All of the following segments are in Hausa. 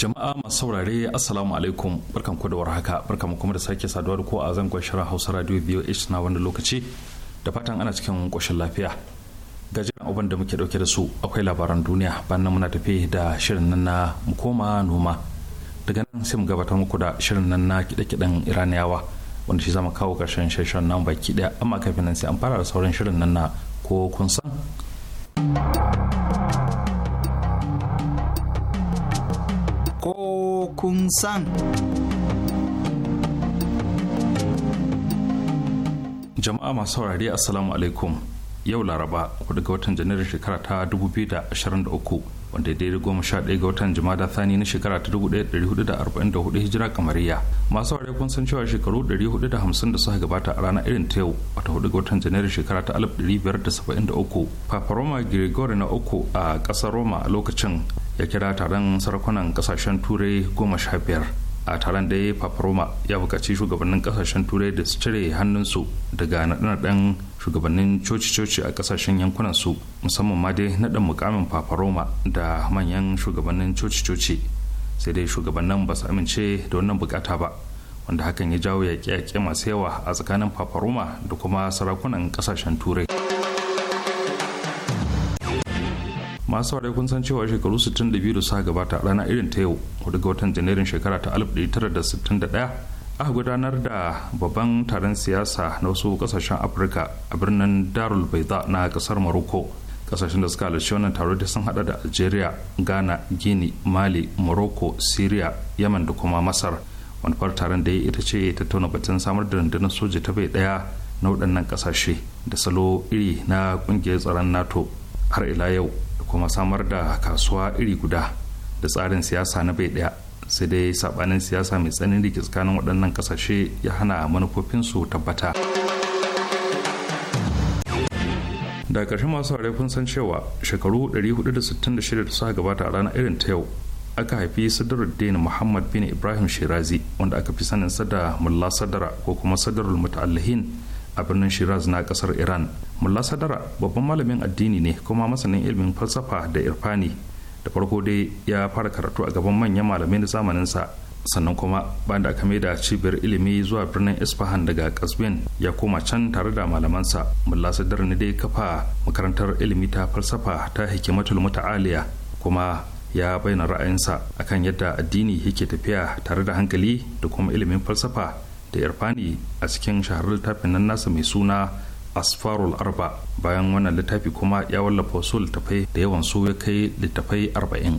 jama'a masu saurare assalamu alaikum barkan ku da warhaka barkan mu kuma da sake saduwa da ko a zangon shirin hausa radio voh na wani lokaci da fatan ana cikin koshin lafiya jiran abin da muke dauke da su akwai labaran duniya bayan muna tafi da shirin nan na mu koma noma daga nan sai mu gabatar muku da shirin nan na kiɗe-kiɗen iraniyawa wanda shi zama kawo ƙarshen shirin nan baki ɗaya amma kafin nan sai an fara da sauran shirin nan na ko kun san jama'a masu saurare assalamu alaikum yau laraba 4 ga watan janairun shekara ta 2023 wanda daidai goma sha ɗaya ga watan jumada thani na shekara ta dubu ɗaya ɗari hudu da arba'in da hudu hijira kamariya masu aure kun san cewa shekaru ɗari hudu da hamsin da suka gabata a ranar irin ta yau wata hudu ga watan janairu shekara ta alif ɗari biyar da saba'in da uku papa roma gregory na uku a ƙasar roma a lokacin ya kira taron sarakunan ƙasashen turai goma sha biyar a taron da ya papa roma ya buƙaci shugabannin ƙasashen turai da su cire hannunsu daga naɗe-naɗen shugabannin coci-coci a kasashen yankunan su musamman ma dai dan mukamin fafaroma da manyan shugabannin coci-coci sai dai shugabannin ba su amince da wannan bukata ba wanda hakan ya jawo yaƙe-yaƙe masu yawa a tsakanin fafaroma da kuma sarakunan kasashen turai masu saurari kun san cewa shekaru 62 da suka gabata rana irin ta yau 4 ga watan janairun shekara ta 1961 aka gudanar da babban taron siyasa na wasu kasashen afirka a birnin darul baiza na kasar morocco kasashen da suka halarci wannan taro da sun hada da algeria ghana guinea mali morocco syria yaman da kuma masar manufar taron da ya ita ce ta tattauna batun samar da rundunar soja ta bai daya na waɗannan kasashe da salo iri na ƙungiyar tsaron nato har ila yau da kuma samar da kasuwa iri guda da tsarin siyasa na bai daya sai dai sabanin siyasa mai tsanin da tsakanin waɗannan kasashe ya hana manufofinsu tabbata da ƙarshe masu haure kun san cewa shekaru 466 da suka gabata a ranar irin ta yau aka haifi sadaruddin muhammad bin ibrahim shirazi wanda aka fi sanin sada mulla sadara ko kuma sadarul muta'allihin a birnin shiraz na kasar iran mulla sadara babban malamin addini ne kuma masanin ilmin falsafa da irfani da farko dai ya fara karatu a gaban manyan malamai na zamaninsa sannan kuma bayan da aka da cibiyar ilimi zuwa birnin isfahan daga kasbin ya koma can tare da malamansa mulla sadar ne dai kafa makarantar ilimi ta falsafa ta hikimatul muta'aliya kuma ya bayyana ra'ayinsa akan yadda addini yake tafiya tare da hankali da kuma ilimin falsafa da irfani a cikin shahararren littafin nan nasa mai suna asfarul arba bayan wannan littafi kuma ya wallafa wasu littafai da yawan su ya kai littafai arba'in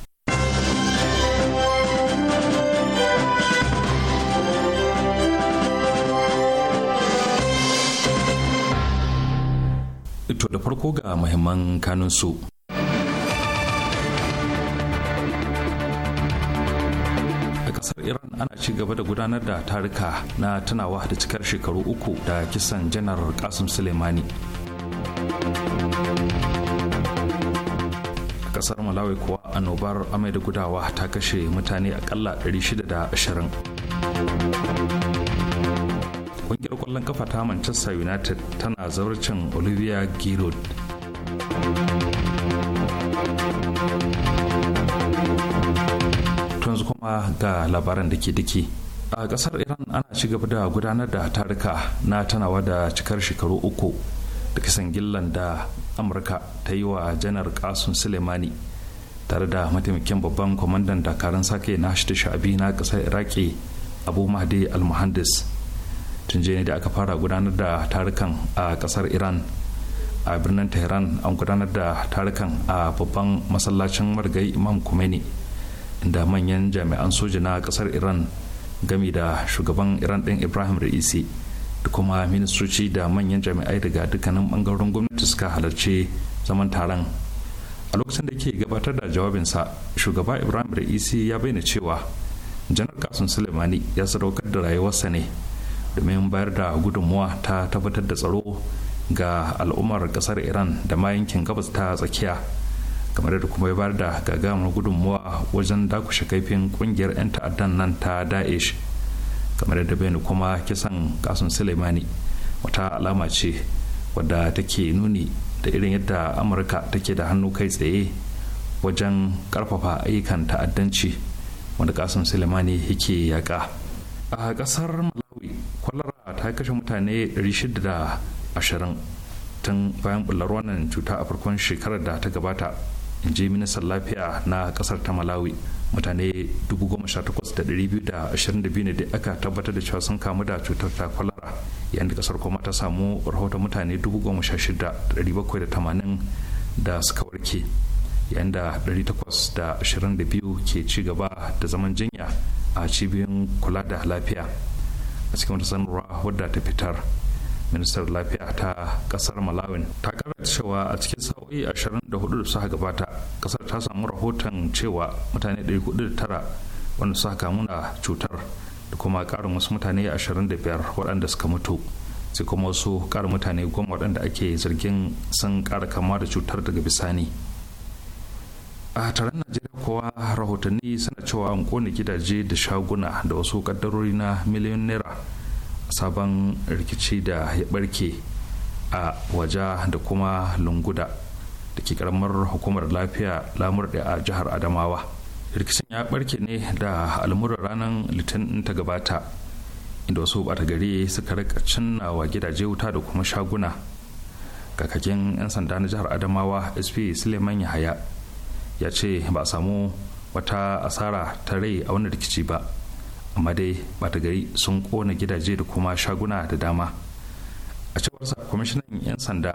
To da farko ga muhimman kanunsu. A ƙasar Iran ana ci gaba da gudanar da tarika na tunawa da cikar shekaru uku da kisan janar Kasim Suleimani. A ƙasar Malawi kuwa annobar amai da gudawa ta kashe mutane akalla 620. ta kwallon kafa ta manchester united tana zaurcin olivia giroud yanzu kuma ga labaran da ke diki a kasar iran ana ci gaba da gudanar da taruka na tanawa da cikar shekaru uku da kisan gillan da amurka ta yi wa janar kasun sulemani tare da mataimakin babban kwamandan dakarun sake na shi shida sha'abi na kasar iraki abu mahdi al muhandis. tun ne da aka fara gudanar da tarukan a kasar iran a birnin tehran an gudanar da tarukan a babban masallacin margai imam kumeni inda manyan jami'an soja na kasar iran gami da shugaban iran din ibrahim ra'isi da kuma ministoci da manyan jami'ai daga dukkanin bangaren gwamnati suka halarci zaman taron a lokacin da ke gabatar da jawabinsa shugaba ibrahim ra'isi ya bayyana cewa janar kasun sulemani ya sadaukar da rayuwarsa ne domin bayar da gudunmuwa ta tabbatar da tsaro ga al'ummar kasar iran da ma yankin gabas ta tsakiya kamar da kuma ya bayar da gagamar gudunmuwa wajen dakushe kaifin kungiyar 'yan ta'addan nan ta daesh kamar da bayani kuma kisan kasun suleimani wata alama ce wadda take nuni da irin yadda amurka take da hannu kai tsaye wajen karfafa ayyukan ta'addanci wanda kasan Suleimani yake yaka a kasar kwalara ta kashe mutane 620 tun bayan bullar wannan cuta a farkon shekarar da ta gabata in ji ministan lafiya na kasar ta malawi mutane 18,222 ne da aka tabbatar da cewa sun kamu da cutar ta kwalara yayin da kasar kuma ta samu rahoton mutane 16,780 da suka warke yayin da 822 ke ci gaba da zaman jinya a cibiyoyin kula da lafiya a cikin wata sanarwa wadda ta fitar ministar lafiya ta kasar malawin ta kara cewa a cikin sa'o'i 24 da suka gabata kasar ta samu rahoton cewa mutane 409 wanda suka kamu da cutar da kuma karin wasu mutane 25 waɗanda suka mutu sai kuma wasu karin mutane goma waɗanda ake zargin sun kara kama da cutar daga bisani a taron najeriya kowa rahotanni suna cewa an kone gidaje da shaguna da wasu kaddarori na miliyon naira sabon rikici da ya barke a waja da kuma lunguda da ke karamar hukumar lafiya da a jihar adamawa rikicin ya barke ne da almurar ranar litinin ta gabata inda wasu bata gari suka rika wa gidaje wuta da kuma shaguna kakakin 'yan sanda na jihar adamawa sp suleiman yahaya ya ce ba a samu wata asara ta rai a wani rikici ba amma dai bata gari sun kona gidaje da kuma shaguna da dama a cewarsa kwamishinan 'yan sanda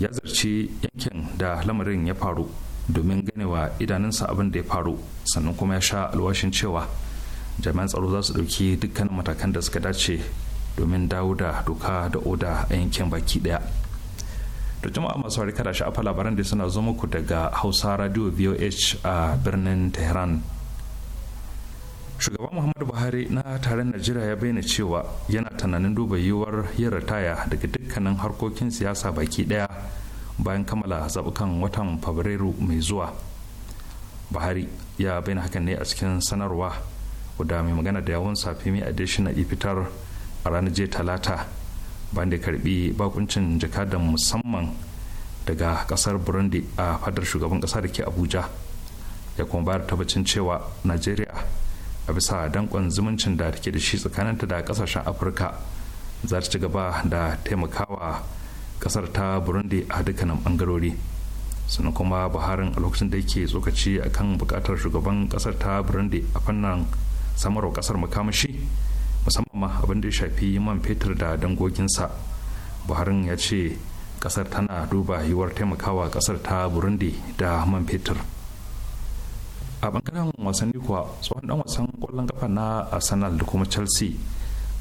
ya zarci yankin da lamarin ya faru domin ganewa idanunsa abin da ya faru sannan kuma ya sha alwashin cewa jami'an tsaro za su ɗauki dukkanin matakan da suka dace domin dawo da doka da oda a yankin baki ɗaya. da jama'a masu kada da sha'afa labaran da suna zo muku daga hausa radio voh a birnin tehran shugaban muhammadu buhari na taron najeriya ya bayyana cewa yana tunanin duba yiwuwar yin ritaya daga dukkanin harkokin siyasa baki daya bayan kammala zabukan watan fabrairu mai zuwa buhari ya bayyana hakan ne a cikin sanarwa guda mai magana da yawon safi mai addition na ifitar a ranar talata ba da karbi bakuncin jakadan musamman daga kasar burundi a fadar shugaban kasa da ke abuja ya kuma bayar tabbacin cewa najeriya a bisa dankon zumuncin da take da shi tsakaninta da kasashen afirka za ta ci gaba da taimakawa kasar ta burundi a dukkanin bangarori sannan kuma buharin a lokacin da yake tsokaci akan bukatar shugaban kasar ta burundi a fannin samarwa kasar makamashi musamman ma abin da ya shafi man fetur da dangoginsa buharin ya ce kasar tana duba yiwuwar taimakawa kasar ta burundi da man fetur a bangaren wasanni kuwa tsohon dan wasan kwallon kafa na arsenal da kuma chelsea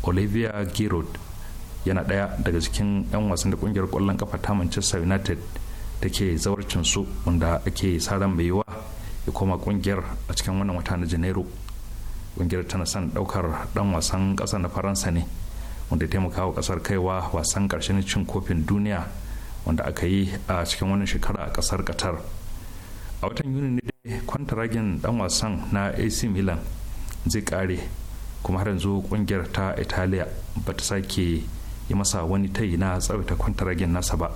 olivia giroud yana daya daga cikin 'yan wasan da kungiyar kwallon kafa ta manchester united da ke zawarcin su wanda ake sa ran mai ya koma kungiyar a cikin wannan wata na janairu kungiyar tana son daukar dan wasan kasa na faransa ne wanda ya taimaka wa kasar kaiwa wasan karshen cin kofin duniya wanda aka yi a cikin wannan shekara a kasar qatar a watan yuni ne dai kwantaragin dan wasan na ac milan zai kare kuma har yanzu kungiyar ta italiya ba ta sake yi masa wani tayi na tsawaita kwantaragin nasa ba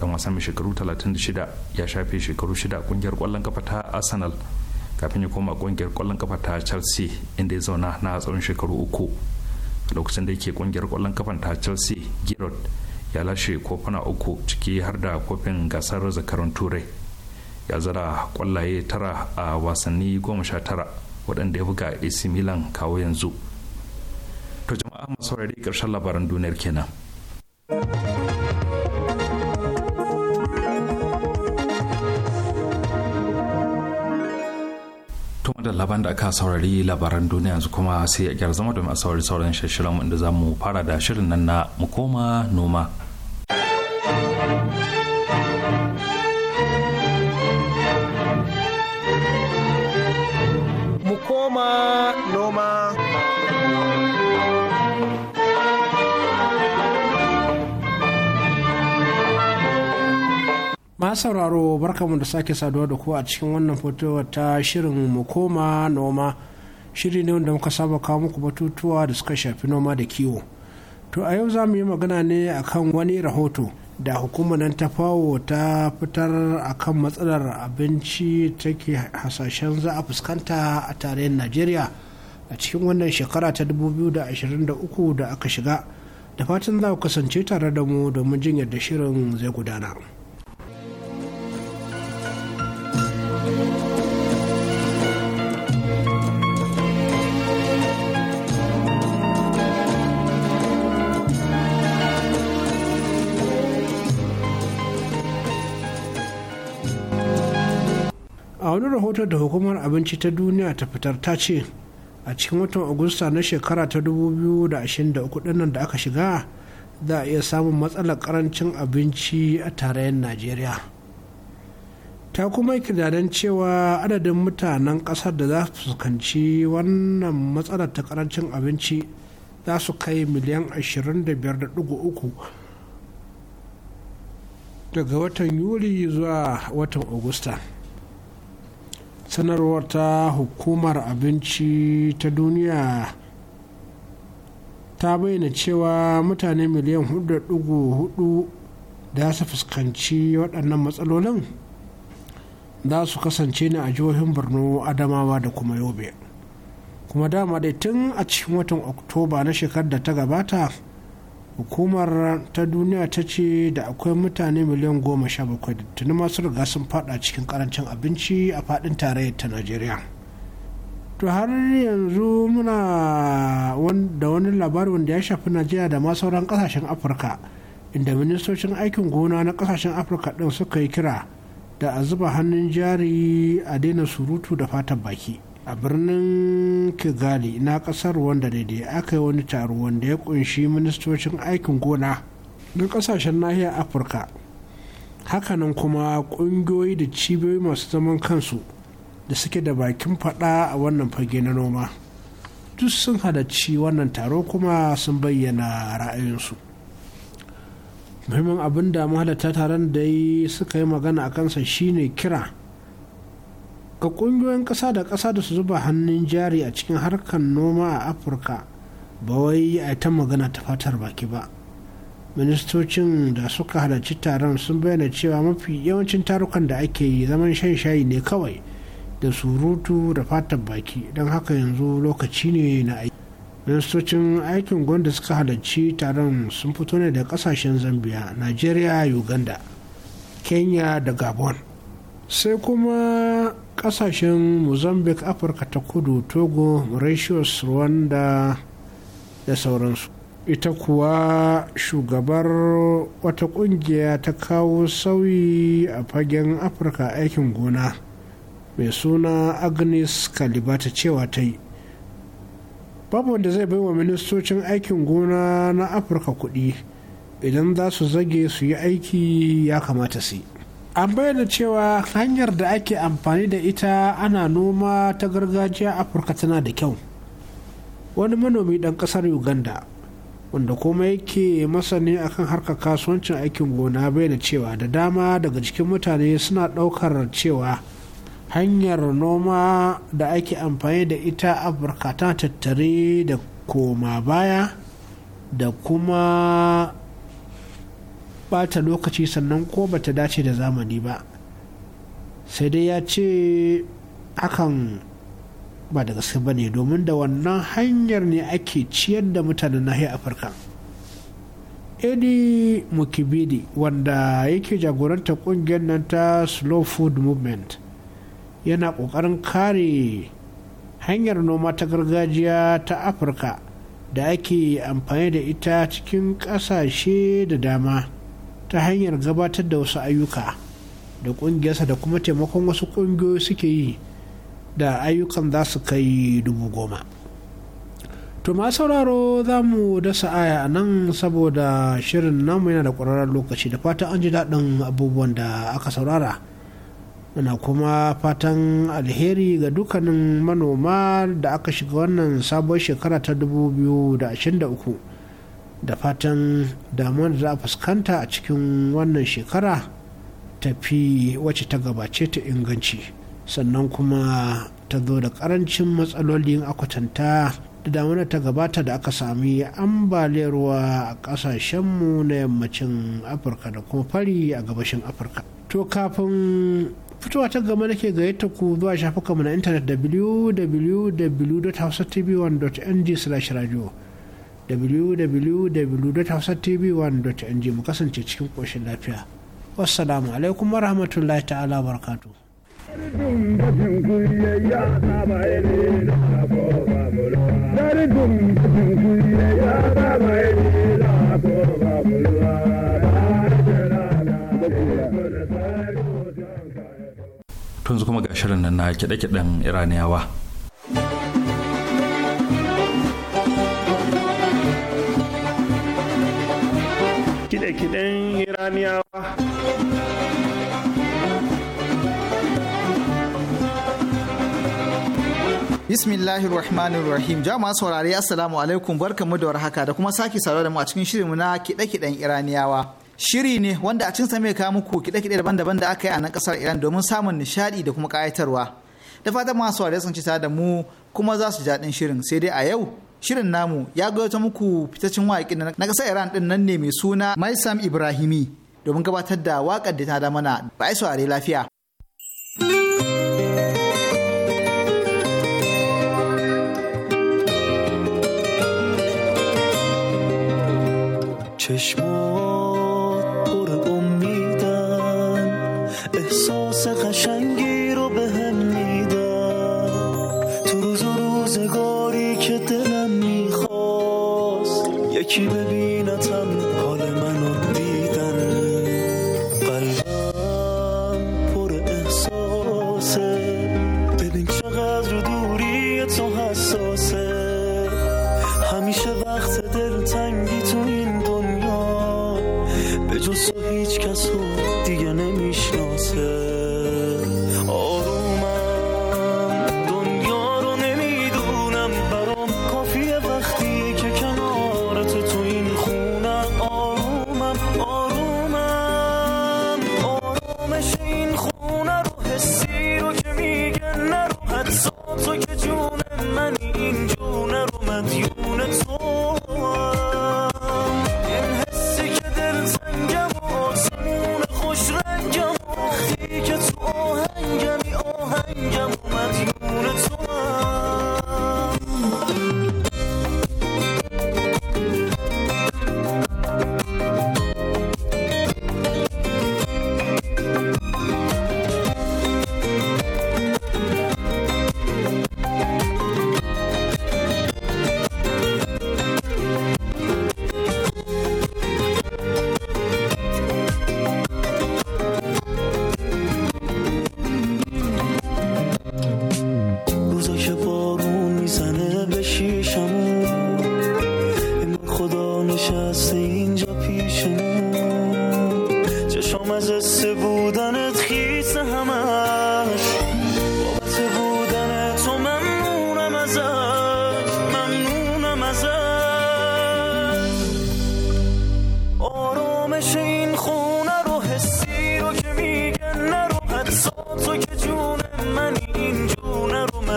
dan wasan mai shekaru 36 ya shafe shekaru shida kungiyar kwallon kafa ta arsenal kafin ya koma kungiyar kwallon kafa ta chelsea inda ya zauna na tsawon shekaru uku a lokacin da yake kungiyar kwallon kafa ta chelsea giroud ya lashe kofuna uku ciki har da kofin gasar zakarun turai ya zara kwallaye tara a wasanni goma sha tara waɗanda ya buga ac milan kawo yanzu to jama'a masu ƙarshen labaran duniyar kenan. da laban da aka saurari labaran duniya yanzu kuma sai a gyara zama domin a saurari sauran shirin inda za mu fara da shirin nan na mu koma noma. ma sauraro barkamu da sake saduwa da ku a cikin wannan fitowar ta shirin mu koma noma shiri ne wanda muka saba kawo muku batutuwa da suka shafi noma da kiwo to a yau za mu yi magana ne akan wani rahoto da hukumar nan ta fawo ta fitar akan matsalar abinci take hasashen za a fuskanta a tarayyar najeriya a cikin wannan shekara ta 2023 da aka shiga da fatan za ku kasance tare da mu domin jin yadda shirin zai gudana. a wani rahoto da hukumar abinci ta duniya ta fitar ta ce a cikin watan agusta na shekara ta 2023 dinnan da aka shiga za a iya samun matsalar karancin abinci a tarayyar najeriya ta kuma kidanen cewa adadin mutanen kasar da za su fuskanci wannan matsalar ta karancin abinci za su kai miliyan 25.3 daga watan yuli zuwa watan agusta sanarwar ta hukumar abinci ta duniya ta bayyana cewa mutane miliyan 4.4 da su fuskanci waɗannan matsalolin za su kasance ne a jihohin borno adamawa da kuma yobe kuma dama dai tun a cikin watan oktoba na shekarar da ta gabata hukumar ta duniya ta ce da akwai mutane miliyan goma sha bakwai da tuni masu riga sun fada cikin karancin abinci a fadin tarayyar ta najeriya to har yanzu muna da wani labari wanda ya shafi najeriya da ma sauran kasashen afirka inda ministocin aikin gona na kasashen afirka din suka yi kira da a zuba hannun jari a daina surutu da fatan baki a birnin kigali na kasar wanda daidai aka yi wani taro wanda ya kunshi ministocin aikin gona na kasashen nahiyar afirka hakanan kuma kungiyoyi da cibiyoyi masu zaman kansu da suke da bakin fada a wannan fage na noma duk sun halarci wannan taro kuma sun bayyana ra'ayinsu muhimmin abin da mahalarta taron da suka yi magana a kansa shine kira ga ƙungiyoyin ƙasa da ƙasa da su zuba hannun jari a cikin harkar noma a afirka ba wai a ta magana ta fatar baki ba ministocin da suka halarci taron sun bayyana cewa mafi yawancin tarukan da ake yi zaman shan shayi ne kawai da surutu da fatar baki don haka yanzu lokaci ne na aiki ministocin aikin gwanda suka halarci taron sun fito ne da kasashen zambia nigeria uganda kenya da gabon sai kuma kasashen mozambique afirka ta kudu togo mauritius rwanda da sauransu ita kuwa shugabar wata kungiya ta kawo sauyi a fagen afirka aikin gona mai suna agnes Kaliba ta cewa ta yi babu wanda zai baiwa ministocin aikin gona na afirka kuɗi idan za su zage su yi aiki ya kamata su yi an bayyana cewa hanyar da ake amfani da ita ana noma ta gargajiya afirka tana da kyau wani manomi dan kasar uganda wanda kuma yake masani akan harkar kasuwancin aikin gona bayyana cewa da dama daga cikin mutane suna daukar cewa hanyar noma da ake amfani da ita afirka tana tattare da koma baya da kuma bata lokaci sannan ko bata dace da zamani ba sai dai ya ce hakan ba da gaske ba ne domin da wannan hanyar ne ake ciyar da mutanen nahiyar afirka edi mukibidi wanda yake jagoranta kungiyar nan ta slow food movement yana kokarin kare hanyar noma ta gargajiya ta afirka da ake amfani da ita cikin kasashe da dama ta hanyar gabatar da wasu ayyuka da ƙungiyarsa da kuma taimakon wasu ƙungiyoyi suke yi da ayyukan za su kai dubu goma to ma sauraro za mu dasa aya a nan saboda shirin namu yana da ƙwararren lokaci da fatan an ji daɗin abubuwan da aka saurara na kuma fatan alheri ga dukkanin manoma da aka shiga wannan sabon shekara ta 2023 da fatan damuwar da za a fuskanta a cikin wannan shekara tafi wacce ta gabace ta inganci sannan kuma ta zo da karancin matsalolin akwatanta da damuwar ta gabata da aka sami ambaliyar ruwa a kasashenmu na yammacin afirka da kuma fari a gabashin afirka to kafin fitowa ta gaba nake gayyata ku zuwa shafukanmu na intanet www.hausatv1.ng/radio www.hausatv1.ng mu kasance cikin koshin lafiya wassalamu alaikum warahmatullahi ta'ala barkatu tun kuma ga shirin nan na kiɗe-kiɗen iraniyawa kide-kiden iraniyawa Bismillahir Rahmanir Rahim. Jama'a saurare Assalamu alaikum barkamu da warhaka da kuma sake saurare da mu a cikin shirinmu na kide-kiden Iraniyawa. Shiri ne wanda a cikin sa mai kawo muku kide-kide daban-daban da aka yi a nan kasar Iran domin samun nishadi da kuma kayatarwa. Da fatan masu saurare sun ci da mu kuma za su ji daɗin shirin sai dai a yau shirin namu ya gaito muku fitaccen waƙi na ƙasar Iran ɗin nan ne mai suna Maisam Ibrahimi domin gabatar da waƙar da ta da mana ba a saurare lafiya. چشمان you.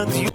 you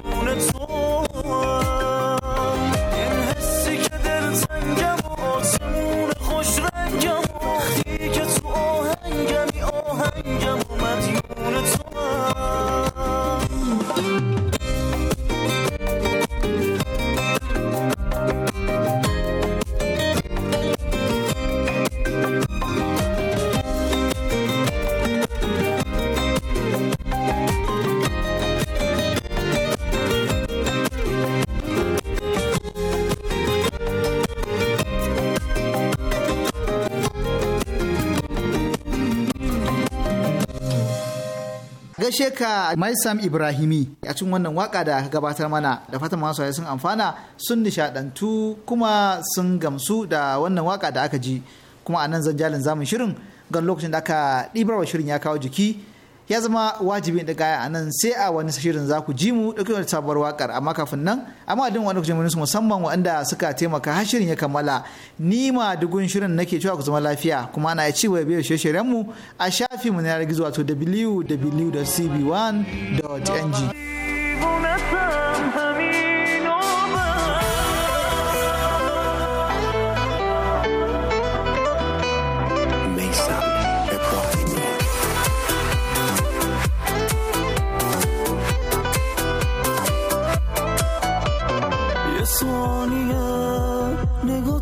gaishe ka Maisam Ibrahimi a cikin wannan waka da ka gabatar mana da fatan masu sun amfana sun nishadantu kuma sun gamsu da wannan waka da aka ji kuma a nan zan jalin zamun shirin gan lokacin da aka ɗibarwa shirin ya kawo jiki ya zama wajibi da gaya a nan sai a wani shirin za ku ji mu ɗauki wani sabuwar waƙar amma kafin nan amma din wani kujerun su musamman waɗanda suka taimaka har shirin ya kammala ni ma dugun shirin nake cewa ku zama lafiya kuma ana ci wa biyar shirye mu a shafin mu na gizo wato www.cb1.ng.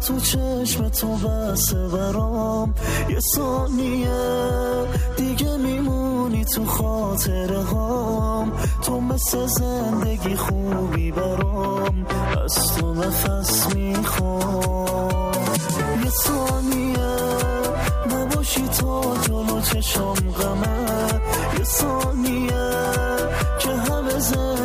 تو چشم تو بس برام یه ثانیه دیگه میمونی تو خاطره هام تو مثل زندگی خوبی برام از تو نفس میخوام یه ثانیه نباشی تو جلو چشم غمه یه ثانیه که همه زندگی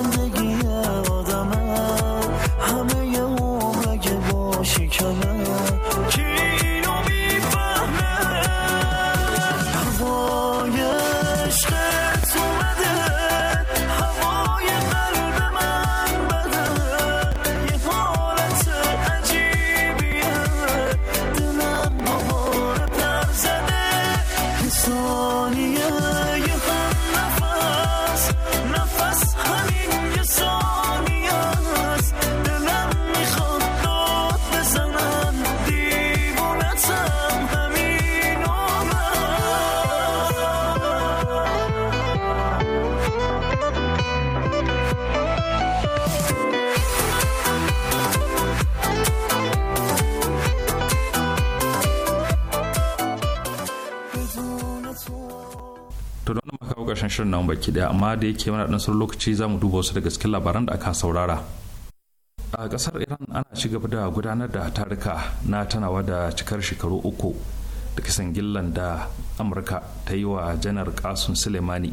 shirin nan baki daya amma da yake mana dan lokaci zamu duba wasu daga cikin labaran da aka saurara a kasar iran ana ci gaba da gudanar da tarika na tanawa da cikar shekaru uku da kisan gillan da amurka ta yi wa janar kasun suleimani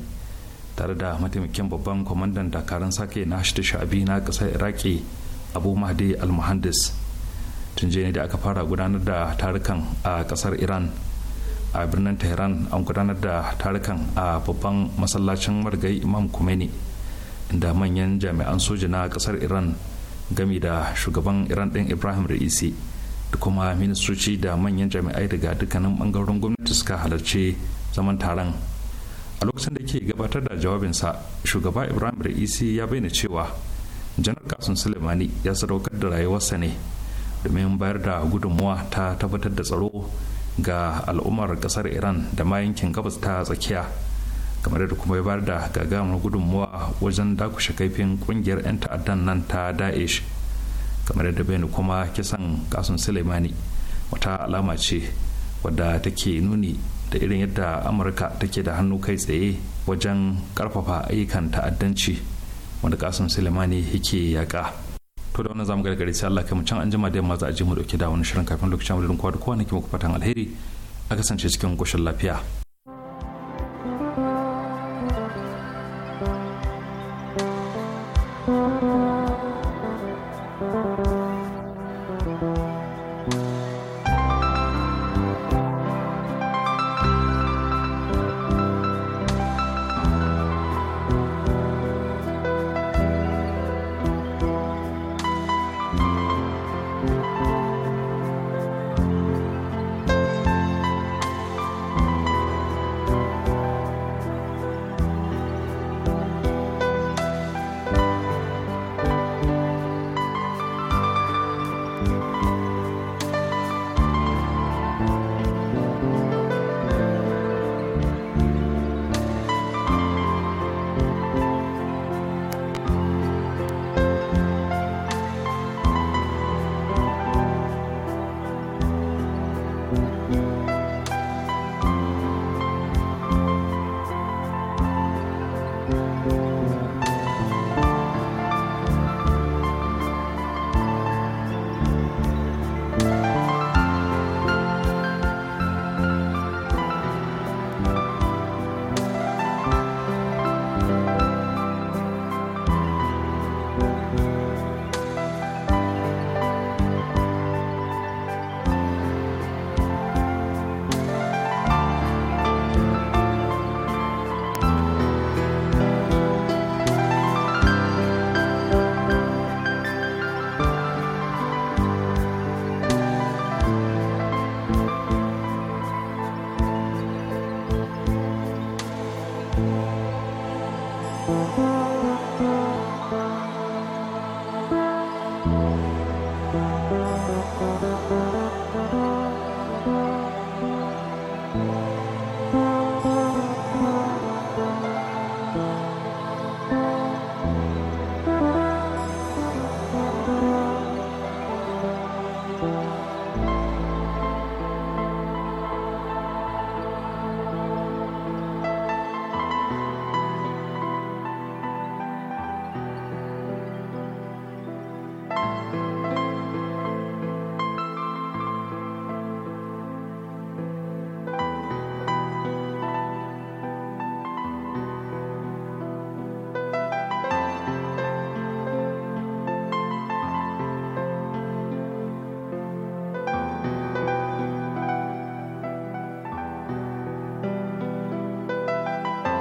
tare da mataimakin babban kwamandan dakarun sake na shi shabi na kasar iraki abu mahdi almuhandis tun ne da aka fara gudanar da tarukan a kasar iran a birnin tehran an gudanar da tarukan a babban masallacin margai imam kumeni da manyan jami'an soja na kasar iran gami da shugaban iran din ibrahim ra'isi da kuma ministoci da manyan jami'ai daga dukkanin bangarorin gwamnati suka halarci zaman taron a lokacin da ke gabatar da jawabinsa shugaba ibrahim ra'isi ya bayyana cewa janar kasun sulemani ya sadaukar da rayuwarsa ne domin bayar da gudunmuwa ta tabbatar da tsaro ga al'ummar kasar iran da ma yankin gabas ta tsakiya kamar da kuma ya bayar da gagamar gudunmuwa wajen dakushe kaifin kungiyar 'yan ta'addan nan ta daesh kamar da bayani kuma kisan kasun suleimani wata alama ce wadda take nuni da irin yadda amurka take da hannu kai tsaye wajen karfafa ayyukan ta'addanci wanda kasun suleimani yake yaƙa to da wannan zamu gargare sai Allah kai mu can anjima da yamma za a je mu dauke da wani shirin kafin lokacin da kowa da kowa nake muku fatan alheri a kasance cikin koshin lafiya